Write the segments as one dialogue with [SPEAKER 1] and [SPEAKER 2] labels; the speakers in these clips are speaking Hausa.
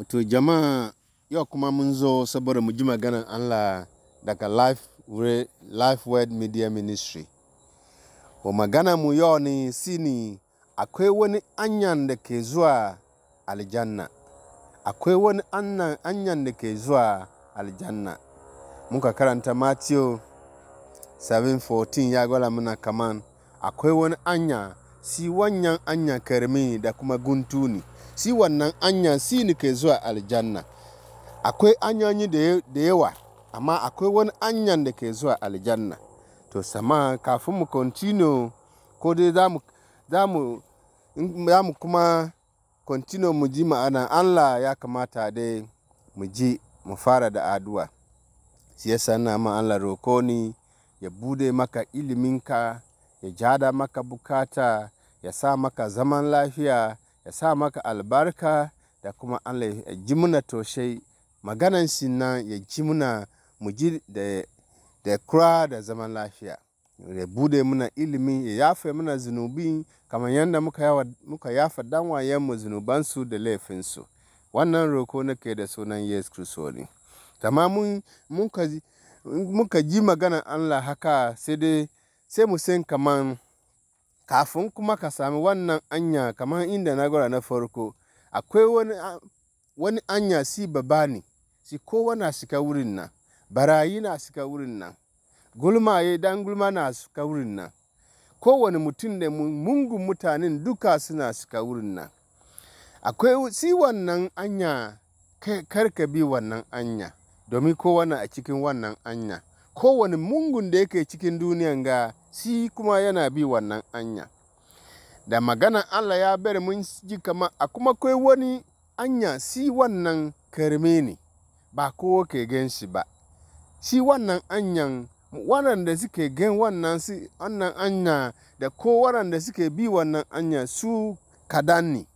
[SPEAKER 1] Wato jama'a yau kuma mun zo saboda mu ji maganar Allah daga Life, Life Media Ministry. Wa magana mu yau ne ne akwai wani anyan da ke zuwa aljanna. Akwai wani anyan da ke zuwa aljanna. Muka karanta Matthew 7:14 ya gwada muna kaman akwai wani anya, si wannan anya karmi da kuma guntuni. Si wannan anyan si ne ke zuwa aljanna akwai anyanyi da yawa amma akwai wani anyan da ke zuwa aljanna to sama kafin mu continue ko dai za mu kuma continue mu ji ma'ana allah ya kamata dai mu ji mu fara da addu'a shi ya na ma allah roko ni ya bude maka iliminka ya jada maka bukata ya sa maka zaman lafiya ya sa maka albarka da kuma Allah ya ji muna toshe maganan nan ya ji muna mu ji da kura da zaman lafiya ya bude muna ilimi ya yafe muna zunubi kamar yadda muka, muka yafa zunuban zunubansu da laifinsu wannan roko nake da sunan yesu kristo ne muka, muka ji maganan allah haka sai dai sai mu san kaman Kafin kuma ka sami wannan “anya” kamar inda na gwada na farko, akwai wani “anya” si baba ne, si kowa na shiga wurin nan. Barayi na shiga wurin nan, gulmaye dan gulma na shiga wurin nan. Kowane mutum da mungun mutanen duka suna shiga wurin nan. Akwai si wannan “anya” kar ka bi wannan “anya” domin kowa na a cikin wannan “anya”. Kowane mungun da yake cikin duniyan ga shi kuma yana bi wannan anya da magana allah ya bari mun ji kama a kuma kai wani anya si wannan karme ne ba kowa ke gan shi ba shi wannan anyan waɗanda suke gan wannan wannan anya da ko waɗanda suke bi wannan anya su kadan ne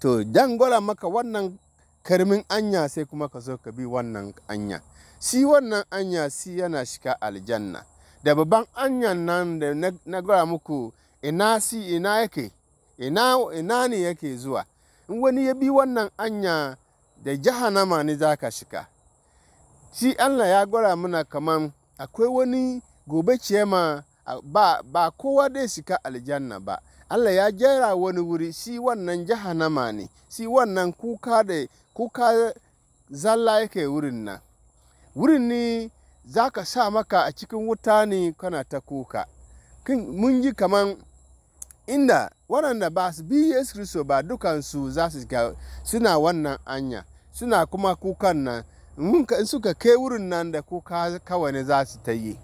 [SPEAKER 1] to dan gwada maka wannan karmin anya sai kuma ka zo ka bi wannan anya si wannan anya si yana shiga aljanna da babban anyan nan da na gara muku ina si ina yake ina ne yake zuwa in wani ya bi wannan anya da jahannama ne za ka shiga shi allah ya gwara mana kaman akwai wani gobe ciyama ba, ba kowa dai shiga aljanna ba allah ya jera wani wuri shi wannan jahannama ne shi wannan kuka da kuka zalla yake wurin nan wurin ne za ka sa maka a cikin wuta ne kana ta kuka mun yi kaman inda waɗanda ba su bi yesu kristo ba dukansu za su ga suna wannan anya suna kuma kukan nan in suka kai wurin nan da kuka kawai ne za su ta yi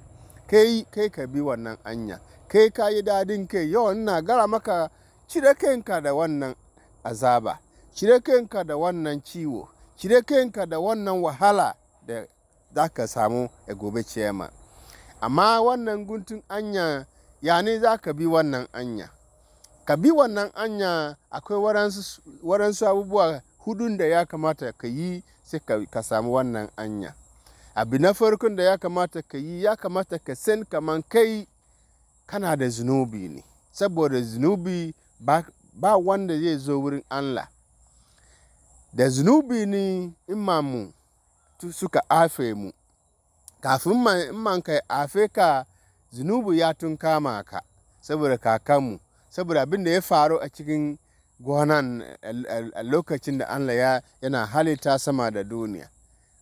[SPEAKER 1] kai kai ka bi wannan anya kai ka yi dadin kai yawan ina gara maka cire kanka da wannan azaba cire kanka da wannan ciwo cire kanka da wannan wahala da za ka samu a gobe ciyama amma wannan guntun anya ya ne za ka bi wannan anya ka bi wannan anya akwai waransu abubuwa hudun da ya kamata ka yi sai ka samu wannan anya abu na farkon da ya kamata ka yi ya kamata ka san kaman kai kana da zunubi ne saboda zunubi ba, wanda zai zo wurin allah da zunubi ne imamu suka afe mu kafin man kai afe ka zunubu ya tun kama ka saboda kakanmu saboda abin da ya faru a cikin gonan a eh, eh, eh, lokacin da allah yana halitta sama da duniya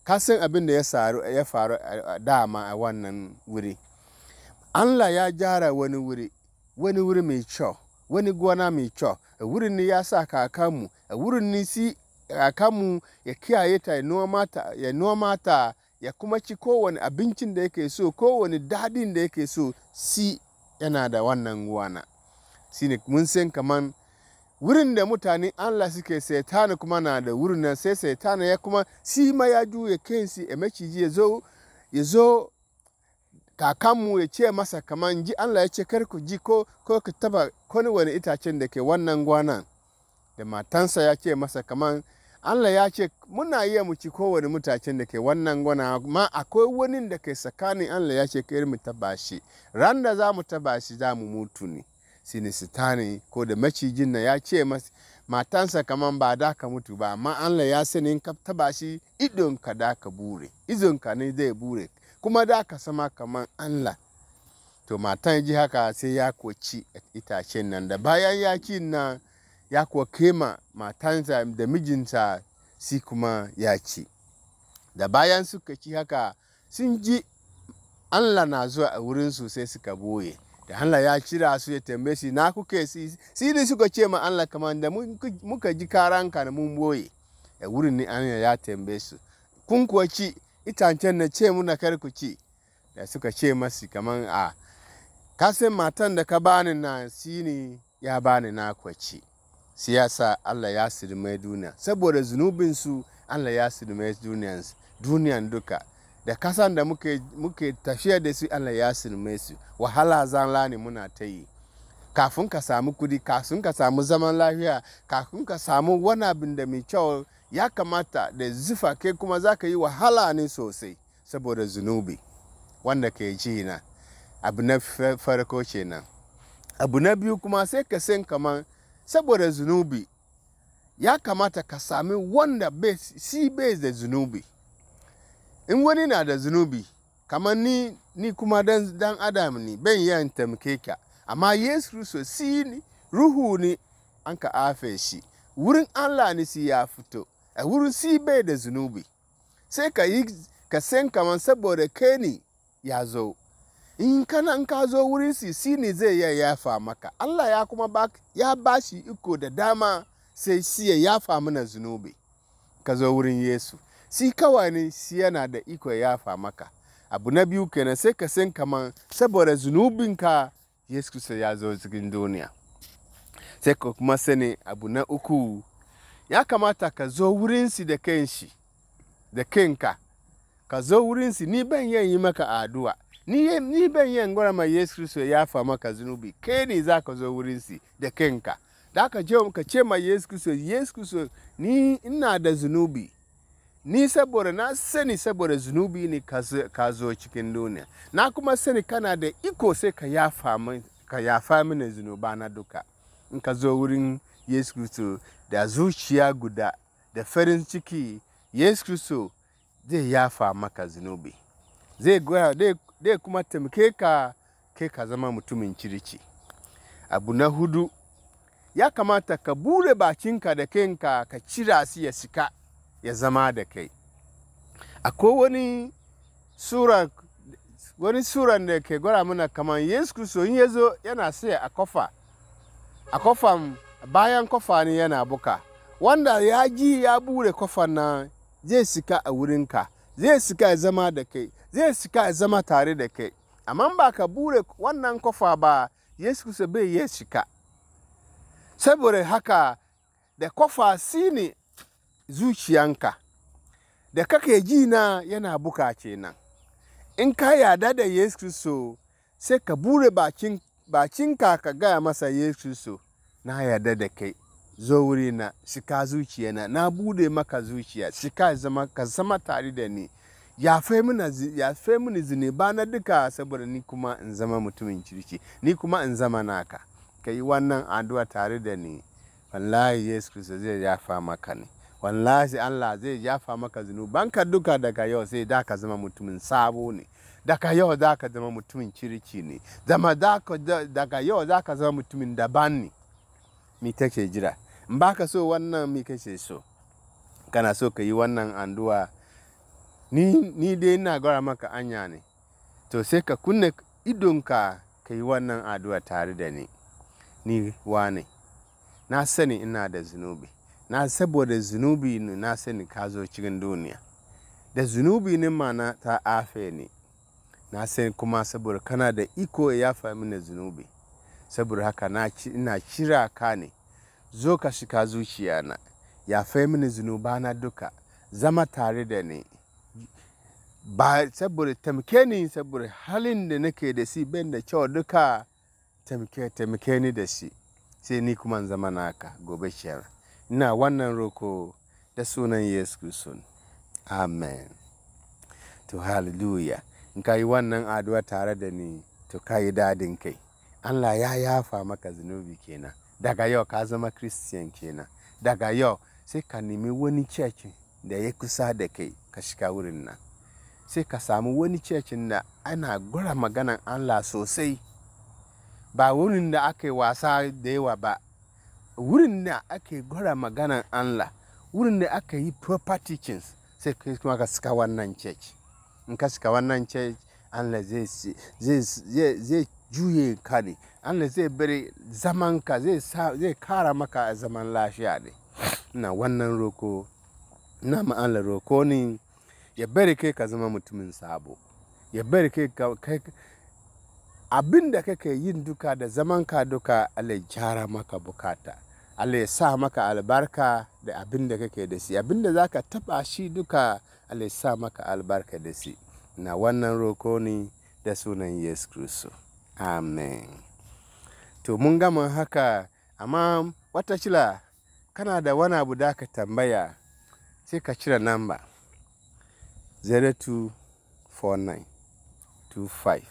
[SPEAKER 1] kasan abin da ya faru a dama a wannan wuri allah ya jara wani wuri wani wuri mai kyau wani gona mai kyau a wurin ne ya sa kakanmu a wurin ne si kanmu ya kiyaye ta ya noma ta ya ta ya kuma ci kowane abincin da yake so kowane dadin da yake so si yana da wannan gwana ne mun san kaman wurin da mutane Allah suke saitana kuma na da wurin nan sai saitana ya kuma si ma ya juya kensi ya maciji ya zo ya zo kakanmu ya ce masa kaman ji Allah ya ce kar ku ji ko ko ku taba wani itacen da ke wannan gwanan da matansa ya ce masa kamar, Allah ya ce muna iya mu ci kowane mutacen da ke wannan gona ma akwai wani da ke tsakanin Allah ya ce kai mu taba shi ran da za mu taba shi za mu mutu ne sinistani ko da macijin na ya ce matansa kamar ba da ka mutu ba amma Allah ya sani in ka taba shi ka da ka bure izonka ne zai bure kuma da ka sama kamar Allah to matan ji haka sai ya koci itacen nan da bayan ya ci nan ya kuwa kema matansa da mijinsa si kuma ya ci da bayan suka ci haka sun ji allah na zuwa a wurinsu sai suka boye da Allah ya cira su ya tambaye su na kuke si ne suka ce ma Allah kamar da muka ji karanka da mun boye da wurin ni Allah ya tambaye su kun kuwa ci itancen na ce muna kar ku ci da suka ce masu kamar a ah, kasan matan da ka bani na si ne ya bani na kuwa siyasa Allah ya sirme duniya saboda zunubinsu Allah ya sirme duniyan duka da kasan da muke, tafiya da su Allah ya sirme su wahala zanla ne muna ta yi kafin ka samu kudi kafin ka samu zaman lafiya kafin ka samu wani abin da mai kyau ya kamata da zufa kai kuma za ka yi wahala ne sosai saboda zunubi wanda ke ji na abu na farko kenan abu na biyu kuma sai ka san kamar saboda zunubi ya kamata ka sami wanda si bai da zunubi in wani na da zunubi kamar ni ni kuma dan, adam ne ben yi tamke ka amma yesu kristo si ni ruhu ne an ka afe shi wurin allah ni si ya fito a wurin si bai da zunubi sai ka yi ka san kamar saboda kai ne ya zo in kana in ka zo wurin si shi ne zai ya yafa maka Allah ya kuma ba ya ba shi iko da dama sai shi ya yafa mana zunubi ka zo wurin Yesu shi kawai ne shi yana da iko ya yafa maka abu na biyu kenan sai ka san kaman saboda zunubinka Yesu sai ya zo cikin duniya sai ka kuma sani abu na uku ya kamata ka zo wurin si da da kanka ka zo wurin si ni ban yi maka addu'a ni n'ibe ihe ngwara ma yesu kristo ya afa maka zunubi kai ne za ka zo si da kanka da ka je ka ce ma yesu kristo yesu kristo ni ina da zunubi ni saboda na sani saboda zunubi ne ka zo cikin duniya na kuma sani kana da iko sai ka yafa ka yafa mini zunuba na duka in ka zo wurin yesu kristo da zuciya guda da farin ciki yesu kristo zai yafa maka zunubi zai goya dai kuma taimake ka kai ka zama mutumin kirki abu na hudu ya kamata ka bure bakinka da kanka ka cira su ya sika ya zama da kai akwai wani sura suran da ke gwara mana kamar yesu kristo in ya yana saya a kofa a kofan bayan kofa ne yana buka wanda ya ji ya bure kofan nan zai sika a wurinka zai sika ya zama da kai zai shika zama tare da kai amma ba ka bure wannan kofa ba yesu kusa bai ya shika saboda haka da kofa si ne zuciyanka da kake ji na yana buka kenan in ka yada da yesu so sai ka bure bakinka ka gaya masa yesu so na yada da kai zo na, shika zuciyana na bude maka zuciya shika zama ka zama tare da ni yafe mini yafe mini ba na duka saboda ni kuma in zama mutumin kirki ni kuma in zama naka ka yi wannan addu'a tare da ni wallahi yesu kristo zai yafa maka ne wallahi allah zai yafa maka zunubanka duka daga yau sai da ka zama mutumin sabo ne daga yau za ka zama mutumin kirki ne zama daga yau za ka zama mutumin daban ne mi take jira in baka so wannan mi kace so kana so ka yi wannan addu'a ni dai ina gwara maka anya ne to sai ka kunna idonka ka yi wannan addu'a tare da ni ni wane na sani ina da zunubi na saboda zunubi ne na sani ka zo cikin duniya da zunubi ne mana ta afe ne na sani kuma saboda kana da iko ya fahimi da zunubi saboda haka na ina cira ka ne zo ka shiga zuciya na ya fahimi zunubana duka zama tare da ni ba saboda tamke ni saboda halin da nake da shi ban da kyau duka tamke tamke ni da shi sai ni kuma zama naka gobe shiyar ina wannan roko da sunan yesu kristo amen to hallelujah in ka yi wannan addu'a tare da ni to ka yi dadin kai allah ya yafa maka zunubi kenan daga yau ka zama christian kenan daga yau sai ka nemi wani cikin da ya kusa da kai ka shiga wurin nan sai ka samu wani cecin da ana gura maganan Allah sosai ba wurin da aka yi wasa da yawa ba wurin da aka yi gura maganan Allah wurin da aka yi proper sai kuma ka suka wannan church in ka suka wannan church Allah zai juye ka ne Allah zai bari zaman ka zai kara maka zaman lafiya ne na wannan roko na ma'ala roko ne ya bari kai ka zama mutumin sabo ya bari kai kai abin da kake yin duka da zaman ka duka Allah jara maka bukata Allah ya sa maka albarka da abin da kake da shi abin da zaka taba shi duka Allah ya sa maka albarka da shi na wannan roko ne da sunan Yesu Kristo amen to mun gama haka amma wata shila kana da wani abu da ka tambaya sai ka cire namba 0249 25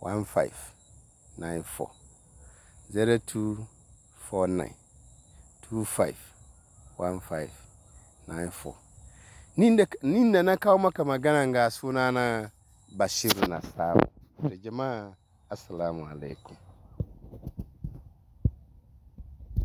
[SPEAKER 1] 1594 0249 25 1594 nin da na kawo maka magana ga sunana bashir nasaru da jama'a assalamu alaikum